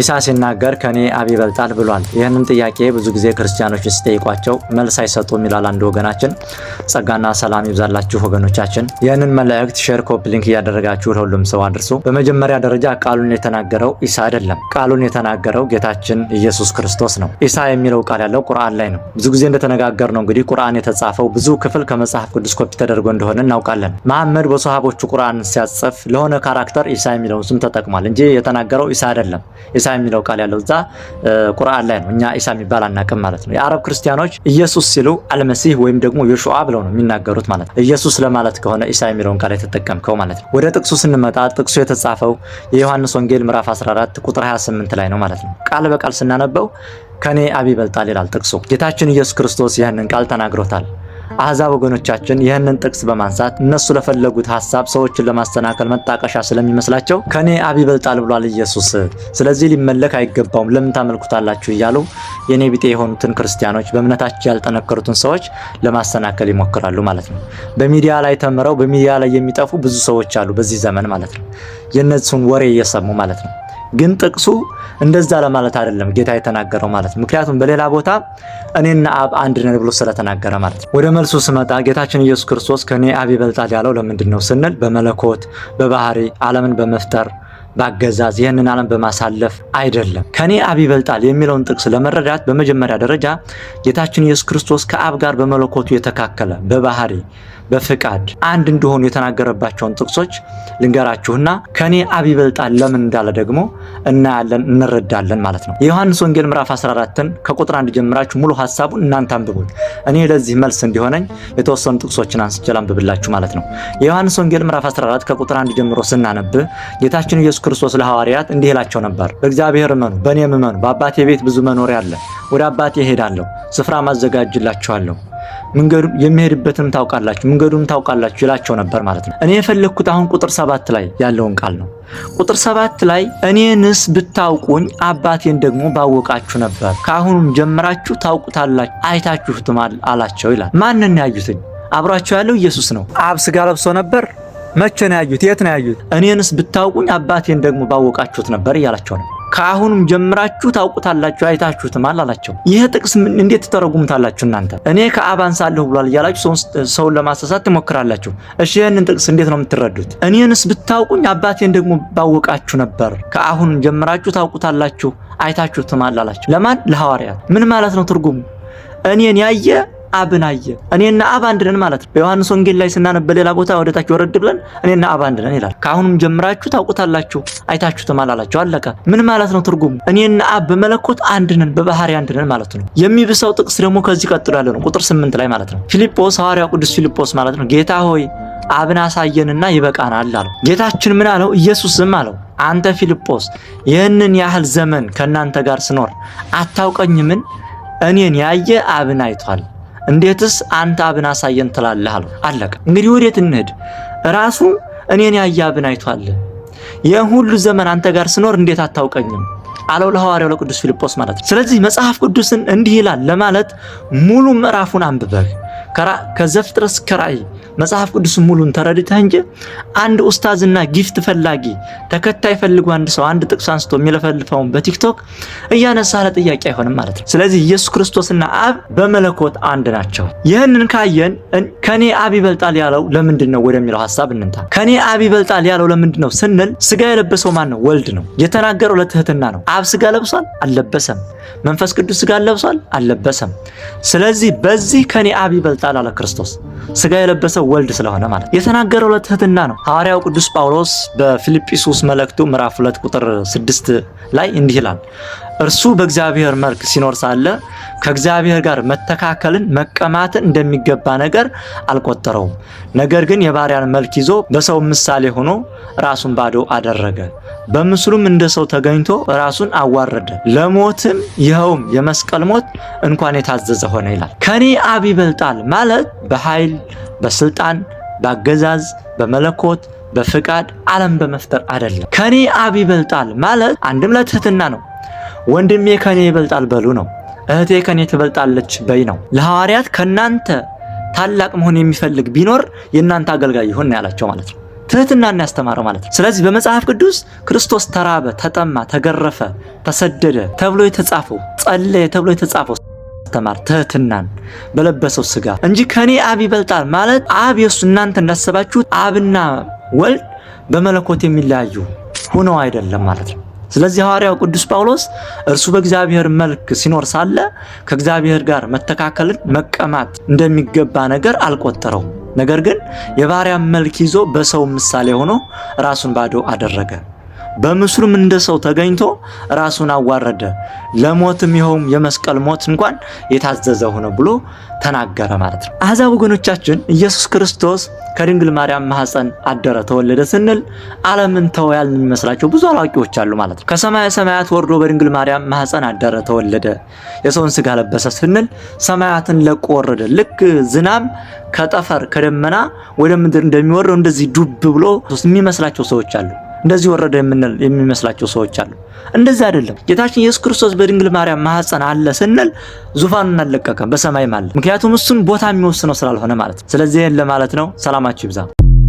ኢሳ ሲናገር ከኔ አብ ይበልጣል ብሏል። ይህንን ጥያቄ ብዙ ጊዜ ክርስቲያኖች ሲጠይቋቸው መልስ አይሰጡም ይላል አንድ ወገናችን። ጸጋና ሰላም ይብዛላችሁ ወገኖቻችን። ይህንን መልእክት ሼር፣ ኮፕሊንክ ሊንክ እያደረጋችሁ ለሁሉም ሰው አድርሱ። በመጀመሪያ ደረጃ ቃሉን የተናገረው ኢሳ አይደለም። ቃሉን የተናገረው ጌታችን ኢየሱስ ክርስቶስ ነው። ኢሳ የሚለው ቃል ያለው ቁርአን ላይ ነው። ብዙ ጊዜ እንደተነጋገር ነው እንግዲህ ቁርአን የተጻፈው ብዙ ክፍል ከመጽሐፍ ቅዱስ ኮፒ ተደርጎ እንደሆነ እናውቃለን። መሐመድ በሰሃቦቹ ቁርአን ሲያጽፍ ለሆነ ካራክተር ኢሳ የሚለውን ስም ተጠቅሟል እንጂ የተናገረው ኢሳ አይደለም። ኢሳ የሚለው ቃል ያለው እዛ ቁርአን ላይ ነው። እኛ ኢሳ የሚባል አናቅም ማለት ነው። የአረብ ክርስቲያኖች ኢየሱስ ሲሉ አልመሲህ ወይም ደግሞ የሹዓ ብለው ነው የሚናገሩት ማለት ነው። ኢየሱስ ለማለት ከሆነ ኢሳ የሚለውን ቃል የተጠቀምከው ማለት ነው። ወደ ጥቅሱ ስንመጣ ጥቅሱ የተጻፈው የዮሐንስ ወንጌል ምዕራፍ 14 ቁጥር 28 ላይ ነው ማለት ነው። ቃል በቃል ስናነበው ከኔ አብ ይበልጣል ይላል ጥቅሱ። ጌታችን ኢየሱስ ክርስቶስ ይህንን ቃል ተናግሮታል። አዛብ ወገኖቻችን ይህንን ጥቅስ በማንሳት እነሱ ለፈለጉት ሀሳብ ሰዎችን ለማሰናከል መጣቀሻ ስለሚመስላቸው ከኔ አብ ይበልጣል ብሏል ኢየሱስ፣ ስለዚህ ሊመለክ አይገባውም ለምን ታመልኩታላችሁ እያሉ የኔ ቢጤ የሆኑትን ክርስቲያኖች፣ በእምነታቸው ያልጠነከሩትን ሰዎች ለማሰናከል ይሞክራሉ ማለት ነው። በሚዲያ ላይ ተምረው በሚዲያ ላይ የሚጠፉ ብዙ ሰዎች አሉ በዚህ ዘመን ማለት ነው። የእነሱን ወሬ እየሰሙ ማለት ነው። ግን ጥቅሱ እንደዛ ለማለት አይደለም ጌታ የተናገረው ማለት ነው። ምክንያቱም በሌላ ቦታ እኔና አብ አንድ ነን ብሎ ስለተናገረ ማለት ነው። ወደ መልሱ ስመጣ ጌታችን ኢየሱስ ክርስቶስ ከእኔ አብ ይበልጣል ያለው ለምንድን ነው ስንል በመለኮት በባህሪ ዓለምን በመፍጠር በአገዛዝ ይህንን ዓለም በማሳለፍ አይደለም። ከኔ አብ ይበልጣል የሚለውን ጥቅስ ለመረዳት በመጀመሪያ ደረጃ ጌታችን ኢየሱስ ክርስቶስ ከአብ ጋር በመለኮቱ የተካከለ በባህሪ በፍቃድ አንድ እንደሆኑ የተናገረባቸውን ጥቅሶች ልንገራችሁና ከኔ አብ ይበልጣል ለምን እንዳለ ደግሞ እናያለን እንረዳለን ማለት ነው። የዮሐንስ ወንጌል ምዕራፍ 14ን ከቁጥር አንድ ጀምራችሁ ሙሉ ሀሳቡን እናንተ አንብቡት። እኔ ለዚህ መልስ እንዲሆነኝ የተወሰኑ ጥቅሶችን አንስቼ ላንብብላችሁ ማለት ነው። የዮሐንስ ወንጌል ምዕራፍ 14 ከቁጥር አንድ ጀምሮ ስናነብ ጌታችን ኢየሱስ ኢየሱስ ክርስቶስ ለሐዋርያት እንዲህ ይላቸው ነበር፣ በእግዚአብሔር እመኑ፣ በእኔ እመኑ። በአባቴ ቤት ብዙ መኖሪያ አለ። ወደ አባቴ እሄዳለሁ፣ ስፍራ ማዘጋጅላችኋለሁ መንገዱ የሚሄድበትም ታውቃላችሁ መንገዱም ታውቃላችሁ ይላቸው ነበር ማለት ነው። እኔ የፈለግኩት አሁን ቁጥር ሰባት ላይ ያለውን ቃል ነው። ቁጥር ሰባት ላይ እኔንስ ብታውቁኝ አባቴን ደግሞ ባወቃችሁ ነበር፣ ከአሁኑም ጀምራችሁ ታውቁታላችሁ፣ አይታችሁትም አላቸው ይላል። ማንን ያዩትኝ? አብሯቸው ያለው ኢየሱስ ነው። አብ ስጋ ለብሶ ነበር መቼ ነው ያዩት? የት ነው ያዩት? እኔንስ ብታውቁኝ አባቴን ደግሞ ባወቃችሁት ነበር እያላቸው ነው። ከአሁኑም ጀምራችሁ ታውቁታላችሁ አይታችሁትማል አላቸው። ይህ ጥቅስ እንዴት ትተረጉሙታላችሁ እናንተ? እኔ ከአብ አንሳለሁ ብሏል እያላችሁ ሰውን ለማሳሳት ትሞክራላችሁ። እሺ ይህንን ጥቅስ እንዴት ነው የምትረዱት? እኔንስ ብታውቁኝ አባቴን ደግሞ ባወቃችሁ ነበር፣ ከአሁኑም ጀምራችሁ ታውቁታላችሁ አይታችሁትም አላላቸው። ለማን? ለሐዋርያት። ምን ማለት ነው ትርጉሙ? እኔን ያየ አብን አየ። እኔና አብ አንድ ነን ማለት ነው። በዮሐንስ ወንጌል ላይ ስናነብ በሌላ ቦታ ወደታች ወረድ ብለን እኔና አብ አንድ ነን ይላል። ከአሁኑም ጀምራችሁ ታውቁታላችሁ አይታችሁትም አላላችሁ። አለቀ። ምን ማለት ነው ትርጉሙ? እኔና አብ በመለኮት አንድ ነን፣ በባህሪ አንድ ነን ማለት ነው። የሚብሰው ጥቅስ ደግሞ ከዚህ ቀጥሎ ያለ ነው፣ ቁጥር ስምንት ላይ ማለት ነው። ፊልጶስ ሐዋርያው ቅዱስ ፊልጶስ ማለት ነው ጌታ ሆይ አብን አሳየንና ይበቃናል አለው። ጌታችን ምን አለው? ኢየሱስም አለው አንተ ፊልጶስ ይህንን ያህል ዘመን ከእናንተ ጋር ስኖር አታውቀኝምን? እኔን ያየ አብን አይቷል። እንዴትስ አንተ አብን አሳየን ትላለህ? አለው። አለቀ። እንግዲህ ወዴት እንሄድ? ራሱ እኔን ያየ አብን አይቷል። ይህን ሁሉ ዘመን አንተ ጋር ስኖር እንዴት አታውቀኝም? አለው ለሐዋርያው ለቅዱስ ፊልጶስ ማለት ነው። ስለዚህ መጽሐፍ ቅዱስን እንዲህ ይላል ለማለት ሙሉ ምዕራፉን አንብበህ ከዘፍጥረት እስከ ራእይ መጽሐፍ ቅዱስ ሙሉን ተረድተህ እንጂ አንድ ኡስታዝና ጊፍት ፈላጊ ተከታይ ፈልጎ አንድ ሰው አንድ ጥቅስ አንስቶ የሚለፈልፈውን በቲክቶክ እያነሳ ለጥያቄ አይሆንም ማለት ነው። ስለዚህ ኢየሱስ ክርስቶስና አብ በመለኮት አንድ ናቸው። ይህንን ካየን ከኔ አብ ይበልጣል ያለው ለምንድን ነው ወደሚለው ሀሳብ እንንታ። ከኔ አብ ይበልጣል ያለው ለምንድን ነው ስንል ስጋ የለበሰው ማን ነው? ወልድ ነው። የተናገረው ለትህትና ነው። አብ ስጋ ለብሷል? አለበሰም መንፈስ ቅዱስ ስጋ ለብሷል? አለበሰም ስለዚህ በዚህ ከኔ አብ ይበልጣል ጣል አለ ክርስቶስ። ስጋ የለበሰ ወልድ ስለሆነ ማለት የተናገረው ለትህትና ነው። ሐዋርያው ቅዱስ ጳውሎስ በፊልጵስዩስ መልእክቱ ምዕራፍ 2 ቁጥር 6 ላይ እንዲህ ይላል እርሱ በእግዚአብሔር መልክ ሲኖር ሳለ ከእግዚአብሔር ጋር መተካከልን መቀማትን እንደሚገባ ነገር አልቆጠረውም። ነገር ግን የባሪያን መልክ ይዞ በሰው ምሳሌ ሆኖ ራሱን ባዶ አደረገ። በምስሉም እንደ ሰው ተገኝቶ ራሱን አዋረደ፣ ለሞትም ይኸውም የመስቀል ሞት እንኳን የታዘዘ ሆነ ይላል። ከኔ አብ ይበልጣል ማለት በኃይል በኃይል በስልጣን በአገዛዝ በመለኮት በፍቃድ ዓለም በመፍጠር አይደለም። ከኔ አብ ይበልጣል ማለት አንድም ለትህትና ነው። ወንድሜ ከኔ ይበልጣል በሉ ነው። እህቴ ከኔ ትበልጣለች በይ ነው። ለሐዋርያት ከናንተ ታላቅ መሆን የሚፈልግ ቢኖር የእናንተ አገልጋይ ይሁን ያላቸው ማለት ነው። ትህትናና ያስተማረው ማለት ነው። ስለዚህ በመጽሐፍ ቅዱስ ክርስቶስ ተራበ፣ ተጠማ፣ ተገረፈ፣ ተሰደደ ተብሎ የተጻፈው ጸለየ ተብሎ የተጻፈው ማስተማር ትህትናን በለበሰው ስጋ እንጂ ከኔ አብ ይበልጣል ማለት አብ የሱ እናንተ እንዳሰባችሁት አብና ወልድ በመለኮት የሚለያዩ ሆነው አይደለም ማለት ነው። ስለዚህ ሐዋርያው ቅዱስ ጳውሎስ እርሱ በእግዚአብሔር መልክ ሲኖር ሳለ ከእግዚአብሔር ጋር መተካከልን መቀማት እንደሚገባ ነገር አልቆጠረውም። ነገር ግን የባሪያ መልክ ይዞ በሰው ምሳሌ ሆኖ ራሱን ባዶ አደረገ። በምስሉም እንደ ሰው ተገኝቶ ራሱን አዋረደ፣ ለሞትም ይኸውም የመስቀል ሞት እንኳን የታዘዘ ሆነ ብሎ ተናገረ ማለት ነው። አሕዛብ ወገኖቻችን፣ ኢየሱስ ክርስቶስ ከድንግል ማርያም ማኅፀን አደረ ተወለደ ስንል ዓለምን ተወ ያልን የሚመስላቸው ብዙ አላዋቂዎች አሉ ማለት ነው። ከሰማያ ሰማያት ወርዶ በድንግል ማርያም ማኅፀን አደረ ተወለደ፣ የሰውን ስጋ ለበሰ ስንል ሰማያትን ለቆ ወረደ። ልክ ዝናብ ከጠፈር ከደመና ወደ ምድር እንደሚወርደው እንደዚህ ዱብ ብሎ የሚመስላቸው ሰዎች አሉ። እንደዚህ ወረደ የሚመስላቸው ሰዎች አሉ። እንደዚህ አይደለም። ጌታችን ኢየሱስ ክርስቶስ በድንግል ማርያም ማህፀን አለ ስንል ዙፋኑን አልለቀቀም፣ በሰማይም አለ። ምክንያቱም እሱን ቦታ የሚወስነው ስላልሆነ ማለት ነው። ስለዚህ ይህን ለማለት ነው። ሰላማችሁ ይብዛ።